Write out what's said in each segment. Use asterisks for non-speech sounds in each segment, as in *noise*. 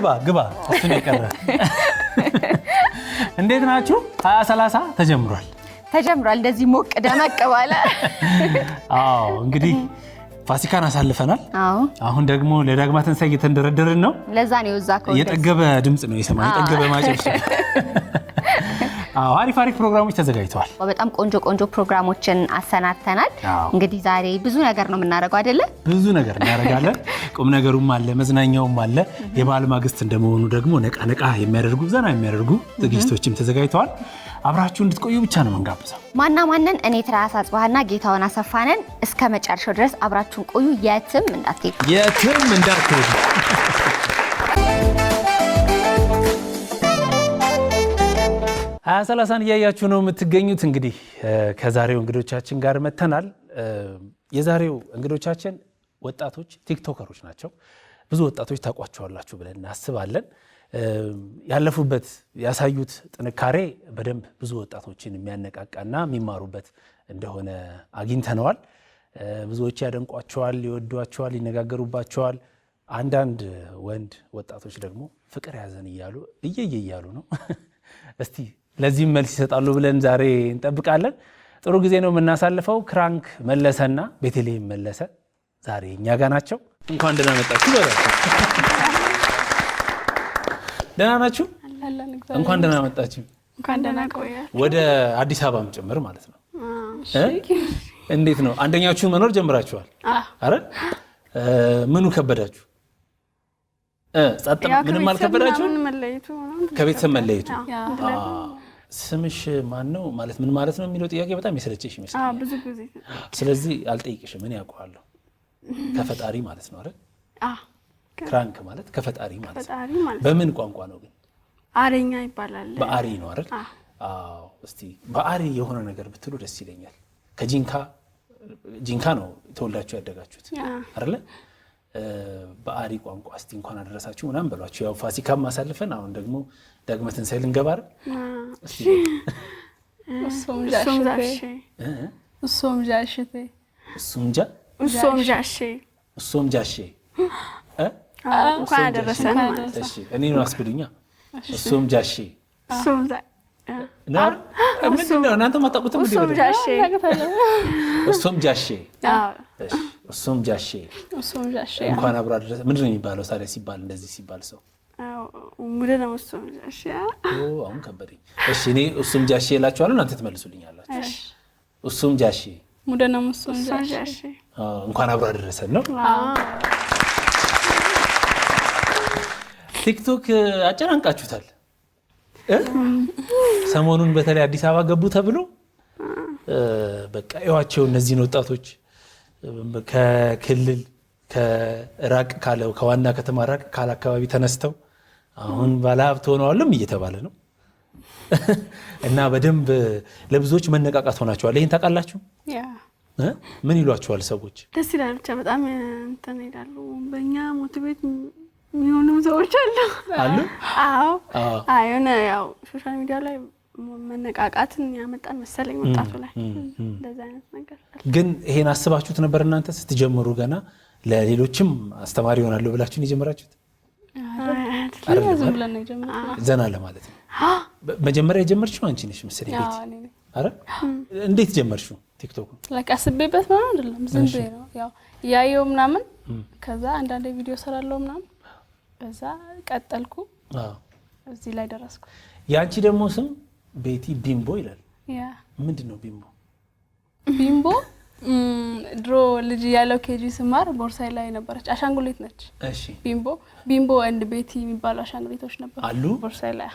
ግባ ግባ እሱን የቀረ እንዴት ናችሁ? ሀያ ሰላሳ ተጀምሯል ተጀምሯል። እንደዚህ ሞቅ ደመቅ ባለ አዎ እንግዲህ ፋሲካን አሳልፈናል። አሁን ደግሞ ለዳግማ ትንሣኤ እየተንደረደርን ነው። ለዛ ነው የጠገበ ድምፅ ነው የሰማ የጠገበ ማጨብጨብ አሪፍ አሪፍ ፕሮግራሞች ተዘጋጅተዋል። በጣም ቆንጆ ቆንጆ ፕሮግራሞችን አሰናድተናል። እንግዲህ ዛሬ ብዙ ነገር ነው የምናደርገው አይደለ? ብዙ ነገር እናደርጋለን። *laughs* ቁም ነገሩም አለ፣ መዝናኛውም አለ። የበዓል ማግስት እንደመሆኑ ደግሞ ነቃ ነቃ የሚያደርጉ ዘና የሚያደርጉ ዝግጅቶችም ተዘጋጅተዋል። አብራችሁ እንድትቆዩ ብቻ ነው መንጋብዘው። ማና ማንን እኔ ትራስ አጽባህና ጌታውን አሰፋነን እስከ መጨረሻው ድረስ አብራችሁን ቆዩ። የትም እንዳትሄዱ፣ የትም እንዳትሄዱ። ሀያ ሰላሳን እያያችሁ ነው የምትገኙት። እንግዲህ ከዛሬው እንግዶቻችን ጋር መተናል። የዛሬው እንግዶቻችን ወጣቶች ቲክቶከሮች ናቸው። ብዙ ወጣቶች ታውቋቸዋላችሁ ብለን እናስባለን። ያለፉበት ያሳዩት ጥንካሬ በደንብ ብዙ ወጣቶችን የሚያነቃቃና የሚማሩበት እንደሆነ አግኝተነዋል። ብዙዎች ያደንቋቸዋል፣ ይወዷቸዋል፣ ይነጋገሩባቸዋል። አንዳንድ ወንድ ወጣቶች ደግሞ ፍቅር ያዘን እያሉ እየየ እያሉ ነው። *laughs* እስቲ ለዚህም መልስ ይሰጣሉ ብለን ዛሬ እንጠብቃለን። ጥሩ ጊዜ ነው የምናሳልፈው። ክራንክ መለሰና ቤተልሔም መለሰ ዛሬ እኛ ጋ ናቸው። እንኳን ደህና መጣችሁ። ደህና ናችሁ? እንኳን ደህና መጣችሁ። ወደ አዲስ አበባም ጭምር ማለት ነው። እንዴት ነው? አንደኛችሁ መኖር ጀምራችኋል? አረ ምኑ ከበዳችሁ? ምንም አልከበዳችሁ? ከቤተሰብ መለየቱ ስምሽ ማን ነው ማለት ምን ማለት ነው የሚለው ጥያቄ በጣም የሰለቸሽ ይመስለኛል። ስለዚህ አልጠይቅሽም። እኔ ያውቀዋለሁ ከፈጣሪ ማለት ነው አይደል? ክራንክ ማለት ከፈጣሪ ማለት ነው። በምን ቋንቋ ነው ግን? አሬኛ ይባላል። በአሪ ነው አይደል? አዎ። እስቲ በአሪ የሆነ ነገር ብትሉ ደስ ይለኛል። ከጂንካ ጂንካ ነው ተወልዳችሁ ያደጋችሁት አይደለ? በአሪ ቋንቋ እስቲ እንኳን አደረሳችሁ ምናምን በሏቸው። ያው ፋሲካም ማሳልፈን አሁን ደግሞ ዳግመ ትንሣኤ ልንገባር *laughs* እሱም ጃሼ እኔ ነው አስብሉኛ። እሱም ጃሼ ምንድን ነው እናንተ ማታውቁትም እሶም ጃሼ እሱም ጃሼ እንኳን አብሮ አደረሰ። ምንድን ነው የሚባለው ታዲያ ሲባል እንደዚህ ሲባል ሰው አሁን ከበደኝ። እሺ እኔ እሱም ጃሼ እላችኋለሁ፣ እናንተ ትመልሱልኝ አላችሁ። እሱም ጃሼ እንኳን አብሮ አደረሰን ነው። ቲክቶክ አጨናንቃችሁታል። ሰሞኑን በተለይ አዲስ አበባ ገቡ ተብሎ በቃ እዋቸው እነዚህን ወጣቶች ከክልል ከራቅ ካለው ከዋና ከተማ ራቅ ካለ አካባቢ ተነስተው አሁን ባለሀብት ሆነዋልም እየተባለ ነው *laughs* እና በደንብ ለብዙዎች መነቃቃት ሆናቸዋል ይህን ታውቃላችሁ? ምን ይሏቸዋል ሰዎች? ደስ ይላል። ብቻ በጣም እንትን ይላሉ። በእኛ ሞት ቤት የሚሆኑም ሰዎች አሉ አሉ። አዎ የሆነ ያው ሶሻል ሚዲያ ላይ መነቃቃትን ያመጣን መሰለኝ ወጣቱ ላይ *laughs* እንደዚ አይነት ነገር። ግን ይሄን አስባችሁት ነበር እናንተ ስትጀምሩ? ገና ለሌሎችም አስተማሪ ይሆናሉ ብላችሁን የጀመራችሁት? ዘና ለማለት ነው። መጀመሪያ የጀመርሽው አንቺ ነሽ መሰለኝ ቤት። አረ እንዴት ጀመርሽው? ቲክቶክ ላይ አስቤበት ምን አይደለም፣ ዝም ብዬ ነው ያው ያየው ምናምን። ከዛ አንዳንዴ ቪዲዮ ሰራለው ምናምን፣ በዛ ቀጠልኩ፣ እዚህ ላይ ደረስኩ። የአንቺ ደግሞ ስም ቤቲ ቢምቦ ይላል። ምንድን ነው ቢምቦ? ቢምቦ ድሮ ልጅ ያለው ኬጂ ስማር ቦርሳይ ላይ ነበረች አሻንጉሊት ነች። ቢምቦ ቢምቦ እንድ ቤቲ የሚባሉ አሻንጉሊቶች ነበሩ አሉ ቦርሳይ ላይ።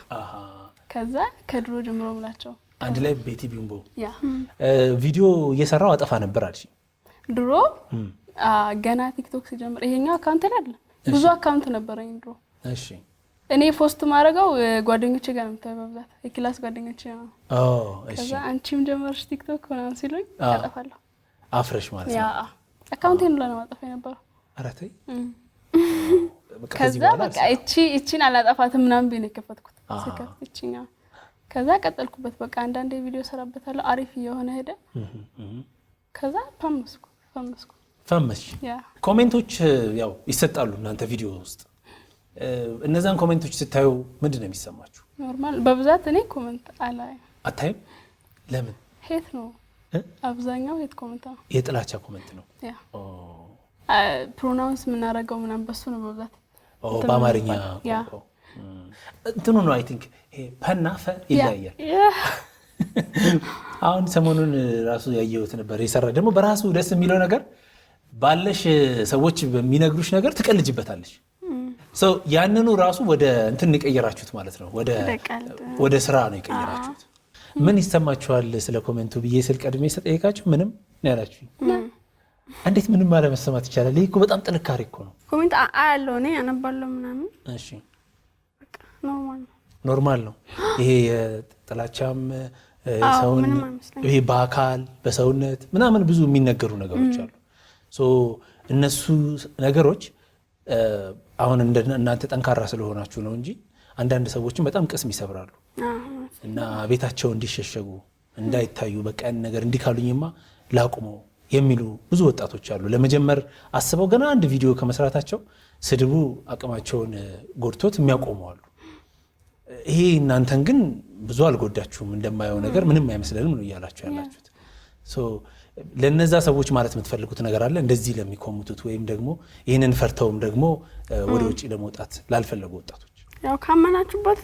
ከዛ ከድሮ ጀምሮ ምላቸው አንድ ላይ ቤቲ ቢምቦ። ቪዲዮ እየሰራው አጠፋ ነበር አልሽ? ድሮ ገና ቲክቶክ ሲጀምር ይሄኛው አካውንት ላይ ብዙ አካውንት ነበረኝ ድሮ። እሺ እኔ ፖስት ማድረገው ጓደኞች ጋር ነው የምታየው፣ የክላስ ጓደኞች ነው። ከዛ አንቺም ጀመርሽ ቲክቶክ ምናምን ሲሉኝ ያጠፋለሁ። አፍረሽ ማለት ነው? አካውንቴ ነው ማጠፋ የነበረው። አራተኝ ከዛ በቃ እቺ እቺን አላጠፋትም ምናምን ብዬ የከፈትኩት። ስከፍት እቺኛ ከዛ ቀጠልኩበት። በቃ አንዳንዴ ቪዲዮ ሰራበታለሁ። አሪፍ እየሆነ ሄደ። ከዛ ፈመስኩ ፈመስኩ ፈመስሽ። ኮሜንቶች ያው ይሰጣሉ እናንተ ቪዲዮ ውስጥ እነዛን ኮሜንቶች ስታዩ ምንድን ነው የሚሰማችሁ? ኖርማል። በብዛት እኔ ኮመንት አላይም። አታይም? ለምን? ሄት ነው አብዛኛው። ሄት ኮመንት ነው፣ የጥላቻ ኮመንት ነው። ፕሮናውንስ የምናደርገው ምናምን በሱ ነው በብዛት በአማርኛ እንትኑ ነው። አይ ቲንክ ፈና ፈ ይለያያል። *laughs* አሁን ሰሞኑን ራሱ ያየሁት ነበር የሰራ ደግሞ በራሱ ደስ የሚለው ነገር ባለሽ ሰዎች በሚነግሩሽ ነገር ትቀልጅበታለሽ ያንኑ ራሱ ወደ እንትን የቀየራችሁት ማለት ነው፣ ወደ ስራ ነው የቀየራችሁት። ምን ይሰማችኋል ስለ ኮሜንቱ ብዬ ስል ቀድሜ ስጠይቃችሁ ምንም ያላችሁ እንዴት ምንም አለመሰማት ይቻላል? ይህ በጣም ጥንካሬ እኮ ነው። ኮሜንት አያለው እኔ ያነባለው ምናምን ኖርማል ነው ይሄ የጥላቻም ሰውን ይሄ በአካል በሰውነት ምናምን ብዙ የሚነገሩ ነገሮች አሉ። እነሱ ነገሮች አሁን እናንተ ጠንካራ ስለሆናችሁ ነው እንጂ አንዳንድ ሰዎችን በጣም ቅስም ይሰብራሉ እና ቤታቸው እንዲሸሸጉ እንዳይታዩ በቃ ያን ነገር እንዲካሉኝማ ላቁመው የሚሉ ብዙ ወጣቶች አሉ። ለመጀመር አስበው ገና አንድ ቪዲዮ ከመስራታቸው ስድቡ አቅማቸውን ጎድቶት የሚያቆሙ አሉ። ይሄ እናንተን ግን ብዙ አልጎዳችሁም፣ እንደማየው ነገር ምንም አይመስለንም ነው እያላችሁ ያላችሁት። ለነዛ ሰዎች ማለት የምትፈልጉት ነገር አለ? እንደዚህ ለሚኮሙቱት ወይም ደግሞ ይህንን ፈርተውም ደግሞ ወደ ውጭ ለመውጣት ላልፈለጉ ወጣቶች ያው ካመናችሁበት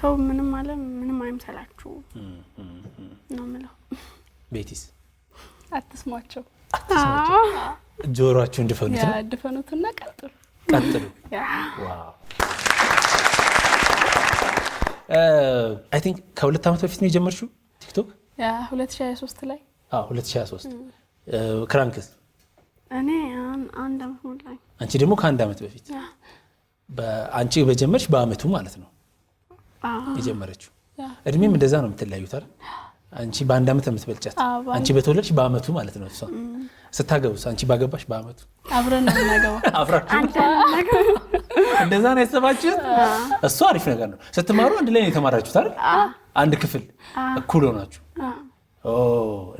ሰው ምንም አለ ምንም አይምሰላችሁ ነው ምለው። ቤቲስ አትስሟቸው፣ ጆሮአችሁ እንድፈኑት ነው ድፈኑትና ቀጥሉ ቀጥሉ። አይ ቲንክ ከሁለት ዓመት በፊት ነው የጀመርሽው ቲክቶክ 2023 ላይ 2023 ክራንክስ እኔ አንድ ዓመት ሞላኝ። አንቺ ደግሞ ከአንድ ዓመት በፊት አንቺ በጀመርሽ በአመቱ ማለት ነው የጀመረችው። እድሜም እንደዛ ነው የምትለያዩት አይደል? አንቺ በአንድ ዓመት የምትበልጫት አንቺ በተወለድሽ በአመቱ ማለት ነው። እሷ ስታገቡስ አንቺ ባገባሽ በአመቱ ነው *laughs* እንደዛ ነው ያሰባችሁት? እሱ አሪፍ ነገር ነው። ስትማሩ አንድ ላይ ነው የተማራችሁት አይደል? አንድ ክፍል እኩል ሆናችሁ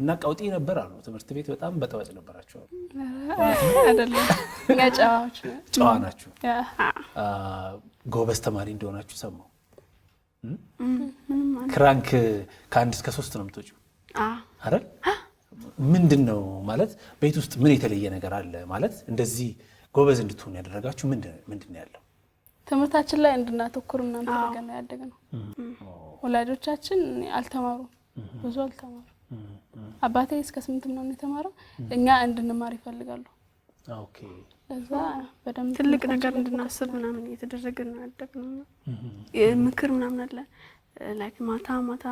እና ቀውጢ ነበር አሉ። ትምህርት ቤት በጣም በጠዋጭ ነበራቸው። ጨዋ ናቸው ጎበዝ ተማሪ እንደሆናችሁ ሰማሁ። ክራንክ ከአንድ እስከ ሶስት ነው የምትወጪው አይደል? ምንድን ነው ማለት ቤት ውስጥ ምን የተለየ ነገር አለ ማለት እንደዚህ ጎበዝ እንድትሆን ያደረጋችሁ ምንድን ነው ያለው? ትምህርታችን ላይ እንድናተኩር ምናምን ያደገ ነው። ወላጆቻችን አልተማሩም፣ ብዙ አልተማሩ አባቴ እስከ ስምንት ምናምን የተማረው እኛ እንድንማር ይፈልጋሉ። ትልቅ ነገር እንድናስብ ምናምን እየተደረገን ነው ያደግነው። ምክር ምናምን አለ ላይክ ማታ ማታ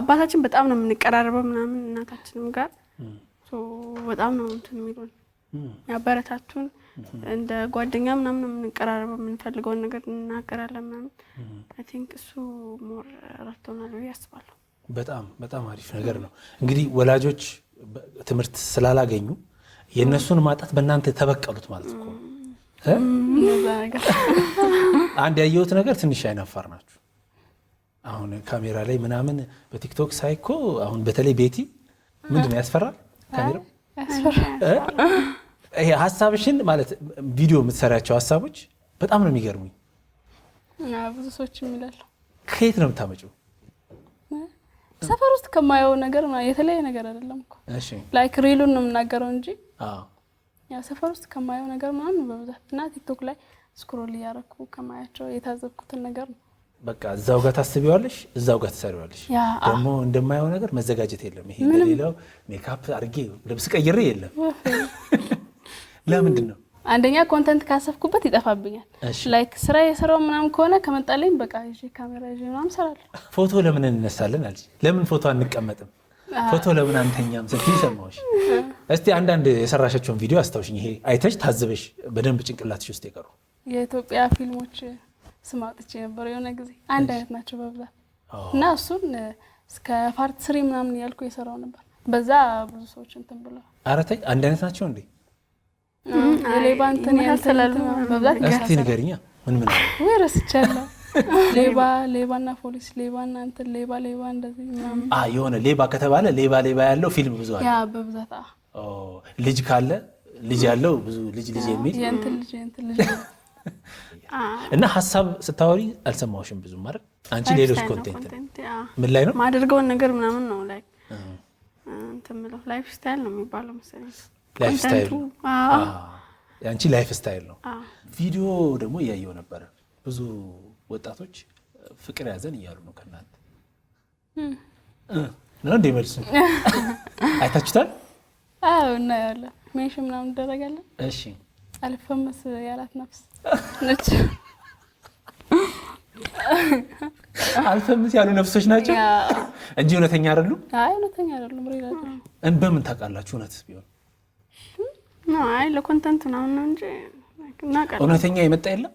አባታችን በጣም ነው የምንቀራረበው ምናምን እናታችንም ጋር በጣም ነው እንትን የሚሉን ያበረታቱን እንደ ጓደኛ ምናምን የምንቀራረበው የምንፈልገውን ነገር እንናገራለን ምናምን። አይ ቲንክ እሱ ሞር ረድቶናል ብዬ አስባለሁ። በጣም በጣም አሪፍ ነገር ነው። እንግዲህ ወላጆች ትምህርት ስላላገኙ የእነሱን ማጣት በእናንተ ተበቀሉት ማለት እኮ አንድ ያየሁት ነገር ትንሽ አይናፋር ናችሁ። አሁን ካሜራ ላይ ምናምን በቲክቶክ ሳይኮ አሁን በተለይ ቤቲ ምንድን ነው ያስፈራል ካሜራው ይሄ ሀሳብሽን ማለት ቪዲዮ የምትሰሪያቸው ሀሳቦች በጣም ነው የሚገርሙኝ። ብዙ ሰዎች ይላሉ ከየት ነው የምታመጪው? ሰፈር ውስጥ ከማየው ነገር የተለያየ ነገር አይደለም እኮ ላይክ ሪሉን ነው የምናገረው እንጂ ያው ሰፈር ውስጥ ከማየው ነገር ምናምን በብዛት እና ቲክቶክ ላይ ስክሮል እያረኩ ከማያቸው የታዘብኩትን ነገር ነው። በቃ እዛው ጋር ታስቢዋለሽ፣ እዛው ጋር ትሰሪዋለሽ። ደግሞ እንደማየው ነገር መዘጋጀት የለም። ይሄ እንደሌላው ሜካፕ አድርጌ ልብስ ቀይሬ የለም። ለምንድን ነው አንደኛ ኮንተንት ካሰብኩበት ይጠፋብኛል። ላይክ ስራ የሰራው ምናምን ከሆነ ከመጣለኝ በቃ ይዤ ካሜራ ይዤ ምናምን እሰራለሁ። ፎቶ ለምን እንነሳለን አለች። ለምን ፎቶ አንቀመጥም? ፎቶ ለምን አንተኛም ስትይ ሰማሁሽ። እስቲ አንዳንድ የሰራሻቸውን ቪዲዮ አስታውሽኝ። ይሄ አይተሽ ታዝበሽ በደንብ ጭንቅላትሽ ውስጥ የቀሩ የኢትዮጵያ ፊልሞች ስም አውጥቼ የሆነ ጊዜ። አንድ አይነት ናቸው በብዛት እና እሱን እስከ ፓርት ስሪ ምናምን እያልኩ የሰራው ነበር። በዛ ብዙ ሰዎች እንትን ብለዋል። ኧረ አንድ አይነት ናቸው እንዴ ሌባ እንትን መብላት እስቲ ምን ምን ወይ ረስቻለሁ። ሌባ ሌባና ፖሊስ ሌባ ሌባ እንደዚህ የሆነ ሌባ ከተባለ ሌባ ሌባ ያለው ፊልም ብዙ አለ በብዛት ልጅ ካለ ልጅ ያለው ብዙ ልጅ ልጅ የሚል *laughs* እና ሀሳብ ስታወሪ አልሰማሁሽም ብዙ ማለት አንቺ ሌሎች ኮንቴንት ምን ላይ ነው ማደርገውን ነገር ምናምን ነው ላይ እንትን ምለው ላይፍ ስታይል ነው የሚባለው መሰለኝ ላይፍ ስታይል ah. ah. ያንቺ ላይፍ ስታይል ነው። ah. ቪዲዮ ደግሞ እያየው ነበረ። ብዙ ወጣቶች ፍቅር ያዘን እያሉ ነው ከእናንተ ነው እንደ መልሱ *laughs* አይታችሁታል? አዎ እናያለን። ሜንሽን ምናምን እንደረጋለን። እሺ አልፈመስ ያላት ነፍስ *laughs* ነች። አልፈምስ ያሉ ነፍሶች ናቸው እንጂ እውነተኛ አይደሉም። አይ እውነተኛ አይደሉም። በምን ታውቃላችሁ? እውነት ቢሆን አይ ለኮንተንት ምናምን ነው እንጂ እውነተኛ የመጣ የለም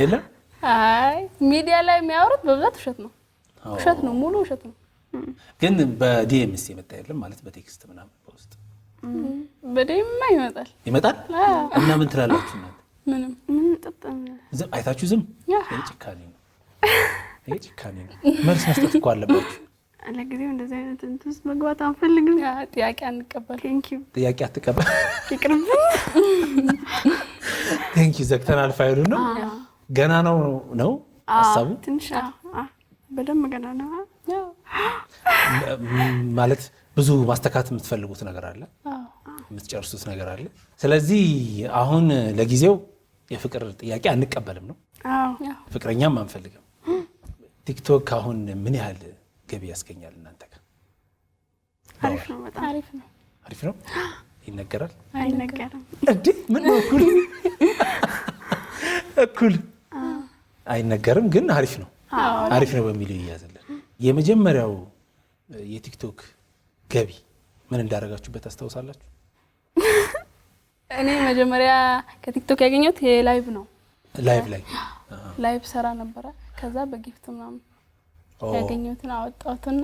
የለም። አይ ሚዲያ ላይ የሚያወሩት በብዛት ውሸት ነው፣ ውሸት ነው፣ ሙሉ ውሸት ነው። ግን በዲኤምስ የመጣ የለም ማለት በቴክስት ምናምን በውስጥ በደማ ይመጣል ይመጣል እና ምን ትላላችሁ? እናት ምንም ምን ዝም አይታችሁ ዝም። ጭካኔ ነው፣ ጭካኔ ነው። መልስ መስጠት እኮ አለባችሁ። ለጊዜው እንደዚህ አይነት እንትን ውስጥ መግባት አንፈልግም። ጥያቄ አንቀበል። ጥያቄ አትቀበል። ይቅርብ። ቴንኪ ዘግተናል። ፋይሉ ነው ገና ነው ነው ሀሳቡ ትንሽ በደንብ ገና ነው ማለት ብዙ ማስተካት የምትፈልጉት ነገር አለ፣ የምትጨርሱት ነገር አለ። ስለዚህ አሁን ለጊዜው የፍቅር ጥያቄ አንቀበልም ነው፣ ፍቅረኛም አንፈልግም። ቲክቶክ አሁን ምን ያህል ገቢ ያስገኛል እናንተ ጋር አሪፍ ነው አሪፍ ነው ይነገራል አይነገርም እንዴ ምን ነው እኩል እኩል አይነገርም ግን አሪፍ ነው አሪፍ ነው በሚለው ይያዝልን የመጀመሪያው የቲክቶክ ገቢ ምን እንዳደረጋችሁበት ታስታውሳላችሁ እኔ መጀመሪያ ከቲክቶክ ያገኘሁት የላይቭ ነው ላይቭ ላይ ላይቭ ሰራ ነበረ ከዛ በጊፍት ምናምን ያገኘሁትን አወጣሁትና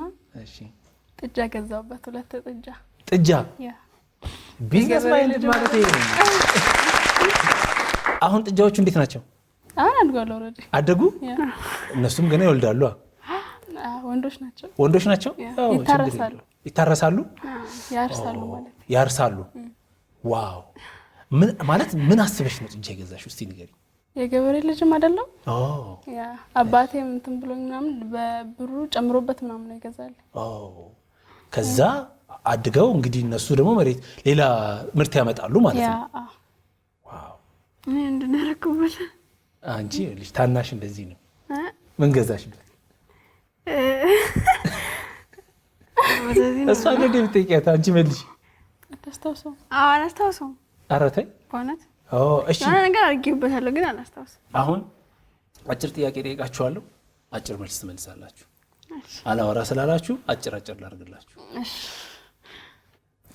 ጥጃ ገዛሁበት። ሁለት ጥጃ ጥጃ ቢዝነስ ማይንድ ማለት ይሄ ነው። አሁን ጥጃዎቹ እንዴት ናቸው? አሁን አድጓል። ኦልሬዲ አደጉ። እነሱም ገና ይወልዳሉ። ወንዶች ናቸው። ወንዶች ናቸው። ይታረሳሉ፣ ያርሳሉ ዋው! ምን ማለት ምን አስበሽ ነው ጥጃ የገዛሽው? እስቲ ንገሪኝ። የገበሬ ልጅም አይደለም። አባቴ እንትን ብሎኝ ምናምን በብሩ ጨምሮበት ምናምን ነው ይገዛል። ከዛ አድገው እንግዲህ እነሱ ደግሞ መሬት ሌላ ምርት ያመጣሉ ማለት ነው። እንድናረኩበት አንቺ ልጅ ታናሽ እንደዚህ ነው። ምን ገዛሽበት? እሷ ገዴ ብትጠይቂያት አንቺ መልሽ። አላስታውሰውም። አረ ተይ በእውነት ነገር አድርጌበታለሁ ግን አላስታውስም። አሁን አጭር ጥያቄ ጠይቃችኋለሁ፣ አጭር መልስ ትመልሳላችሁ። አላወራ ስላላችሁ አጭር አጭር ላድርግላችሁ።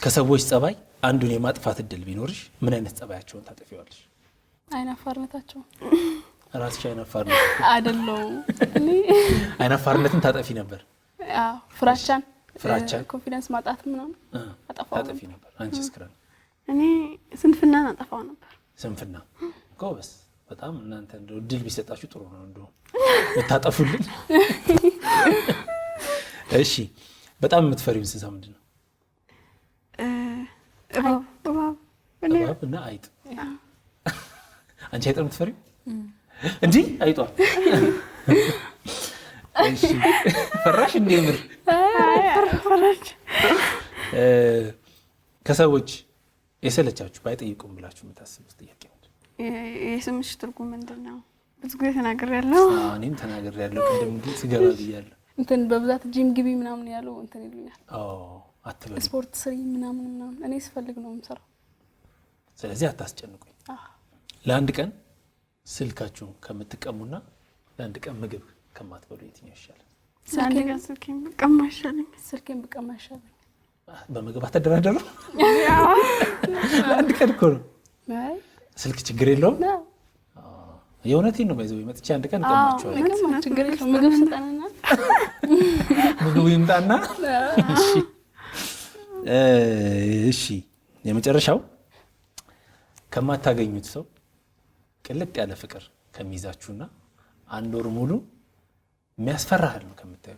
ከሰዎች ጸባይ አንዱን የማጥፋት እድል ቢኖርሽ ምን አይነት ጸባያቸውን ታጠፊዋለሽ? አይናፋርነታቸው። ራስሽ አይናፋር አይናፋርነትን *laughs* ታጠፊ ነበር። ፍራቻን፣ ፍራቻን፣ ኮንፊደንስ ማጣት ምናምን ታጠፊ ነበር። አንቺ ስክራ? እኔ ስንፍናን አጠፋው ነበር። ስንፍና ጎበስ በጣም እናንተ ድል ቢሰጣችሁ ጥሩ ነው። እንዲሁ ብታጠፉልን። *laughs* እሺ፣ በጣም የምትፈሪው እንስሳ ምንድን ነው? እባብ እና አይጥ። አንቺ አይጥ የምትፈሪው እንዲህ አይጧል። ፈራሽ እንዴ? ምር ከሰዎች የሰለቻችሁ ባይጠይቁም ብላችሁ የምታስቡት ጥያቄ የስምሽ ትርጉም ምንድን ነው? ብዙ ጊዜ ተናግሬያለሁ። እኔም ያለው ቅድም ግን ስገባ ብያለሁ። እንትን በብዛት ጂም ግቢ ምናምን ያለው እንትን ይሉኛል። አትበሉ፣ ስፖርት ስሪ ምናምን ምናምን። እኔ ስፈልግ ነው የምሰራው። ስለዚህ አታስጨንቁኝ። ለአንድ ቀን ስልካችሁን ከምትቀሙና ለአንድ ቀን ምግብ ከማትበሉ የትኛው ይሻላል? ስልኬን ብቀማ ይሻለኝ። በምግብ አተደራደሩ። ለአንድ *laughs* ቀን እኮ ነው። ስልክ ችግር የለውም። የእውነቴን ነው። ይዘ መጥቼ አንድ ቀን ምግቡ ይምጣና እሺ። የመጨረሻው ከማታገኙት ሰው ቅልጥ ያለ ፍቅር ከሚይዛችሁና አንድ ወር ሙሉ የሚያስፈራሃል ነው ከምታዩ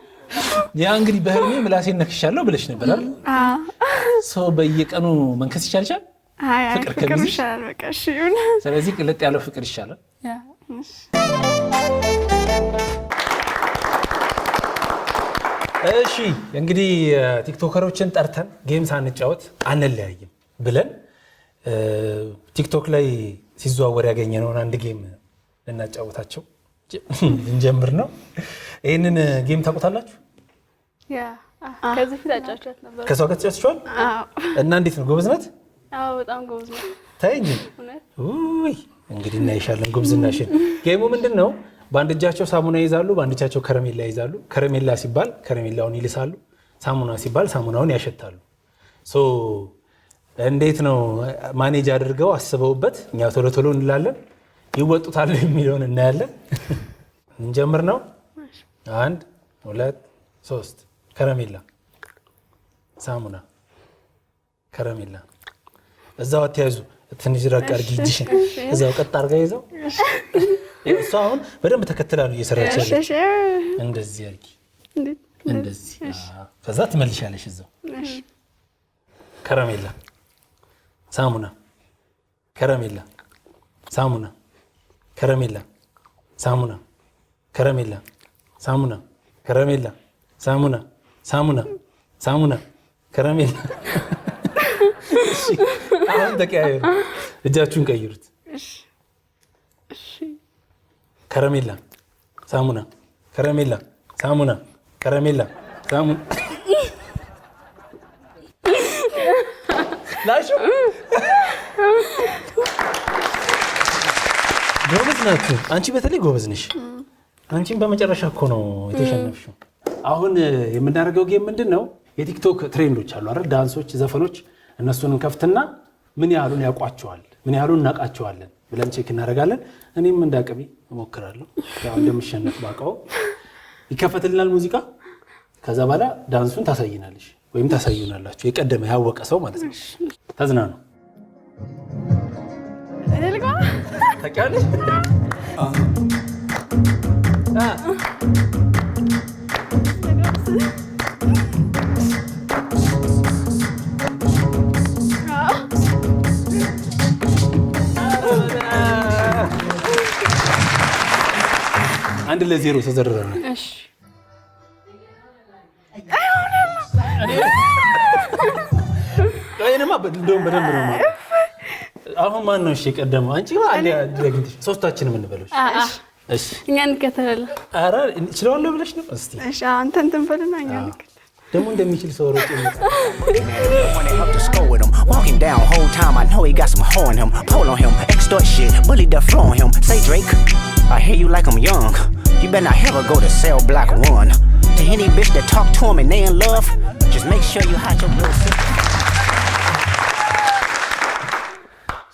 ያ እንግዲህ በህልሜ ምላሴን ነክሻለሁ ብለሽ ነበር አይደል? ሰው በየቀኑ መንከስ ይቻል ፍቅር ይሻላል። ስለዚህ ቅልጥ ያለው ፍቅር ይሻላል። እሺ እንግዲህ ቲክቶከሮችን ጠርተን ጌም ሳንጫወት አንለያይም ብለን ቲክቶክ ላይ ሲዘዋወር ያገኘነውን አንድ ጌም ልናጫወታቸው እንጀምር ነው። ይህንን ጌም ታውቁታላችሁ? ከእሷ ጋር እና እንዴት ነው? ጎበዝ ናት? በጣም እንግዲህ እናይሻለን ጉብዝናሽን። ጌሙ ምንድን ነው? በአንድ እጃቸው ሳሙና ይይዛሉ፣ በአንድ እጃቸው ከረሜላ ይይዛሉ። ከረሜላ ሲባል ከረሜላውን ይልሳሉ፣ ሳሙና ሲባል ሳሙናውን ያሸታሉ። እንዴት ነው ማኔጅ አድርገው አስበውበት፣ እኛ ቶሎ ቶሎ እንላለን፣ ይወጡታሉ የሚለውን እናያለን። እንጀምር ነው አንድ ሁለት ሶስት ከረሜላ ሳሙና ከረሜላ እዛው አትያዙ። ትንሽ ራቅ አድርጊ እጅሽን እዛው ቀጥ አድርጋ ይዘው። እሱ አሁን በደንብ ተከትላሉ እየሰራች ያለ እንደዚህ አድርጊ፣ እንደዚህ ከዛ ትመልሻለሽ። እዛው ከረሜላ ሳሙና፣ ከረሜላ ሳሙና፣ ከረሜላ ሳሙና፣ ከረሜላ ሳሙና፣ ከረሜላ፣ ሳሙና፣ ሳሙና፣ ሳሙና፣ ከረሜላ። አሁን ተቀያየሩ፣ እጃችሁን ቀይሩት። ከረሜላ፣ ሳሙና፣ ከረሜላ፣ ሳሙና፣ ከረሜላ፣ ሳሙና ጎበዝ ናችሁ። አንቺ በተለይ ጎበዝ ነሽ። አንቺም በመጨረሻ እኮ ነው የተሸነፍሽው። አሁን የምናደርገው ጌም ምንድን ነው? የቲክቶክ ትሬንዶች አሉ አይደል? ዳንሶች፣ ዘፈኖች እነሱን እንከፍትና ምን ያህሉን ያውቋቸዋል፣ ምን ያህሉን እናውቃቸዋለን ብለን ቼክ እናደርጋለን። እኔም እንዳቅሜ እሞክራለሁ፣ ያው እንደምሸነፍ ባውቀው። ይከፈትልናል ሙዚቃ። ከዛ በኋላ ዳንሱን ታሳይናለሽ ወይም ታሳዩናላችሁ። የቀደመ ያወቀ ሰው ማለት ነው። ተዝና ነው አንድ ለዜሮ ተዘረረ። ይሄንማ እንደውም በደንብ ነው። አሁን ማን ነው እሺ የቀደመው? አንቺ ሶስታችንም እንበለው እኛ እንከተላለን። ኧረ እችለዋለሁ ብለሽ ነው? እስኪ እሺ፣ አንተ እንትን በልና እኛ ደግሞ እንደሚችል ሰው ሮጥ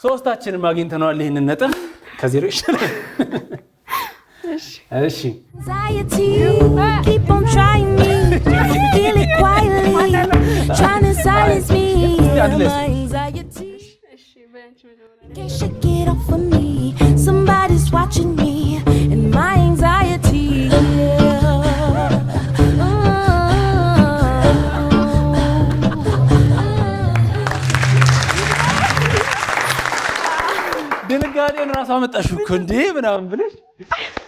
ሶስታችንም አግኝተነዋል ይህንን ነጥብ ከዜሮ ይሻላል። እሺ ድንጋጤን እራሱ አመጣሽው እኮ እንዴ ምናምን ብለሽ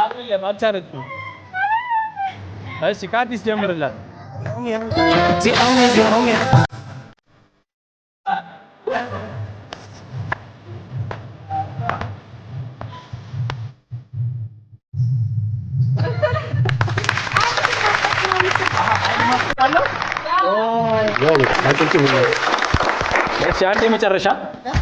ஆர்மியில் மாச்சார் இருக்கும் அது சிகாத்திஸ் ஜம்பர் இல்லை Oh. Yo, I think you will. Let's chat him, Charisha. Yeah.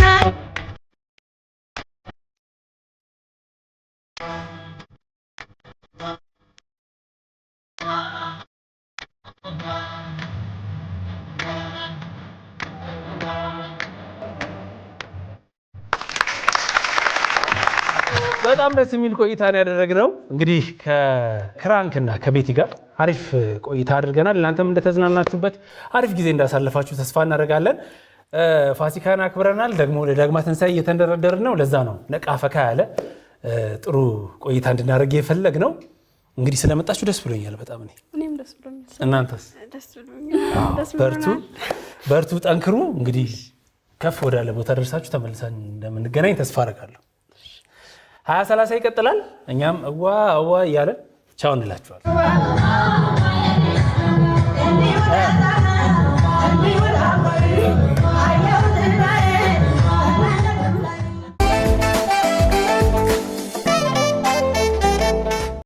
በጣም ደስ የሚል ያደረግ ያደረግነው እንግዲህ ከክራንክና ከቤቲ ጋር አሪፍ ቆይታ አድርገናል። እናንተም እንደተዝናናችሁበት አሪፍ ጊዜ እንዳሳለፋችሁ ተስፋ እናደርጋለን። ፋሲካን አክብረናል። ደግሞ ለዳግማ ትንሣኤ እየተንደረደር ነው። ለዛ ነው ነቃ ፈካ ያለ ጥሩ ቆይታ እንድናደርግ የፈለግ ነው። እንግዲህ ስለመጣችሁ ደስ ብሎኛል በጣም እኔ እናንተስ በርቱ በርቱ፣ ጠንክሩ። እንግዲህ ከፍ ወዳለ ቦታ ደርሳችሁ ተመልሳን እንደምንገናኝ ተስፋ አደርጋለሁ። ሀያ ሰላሳ ይቀጥላል። እኛም እዋ እዋ እያለን ቻው እንላችኋል።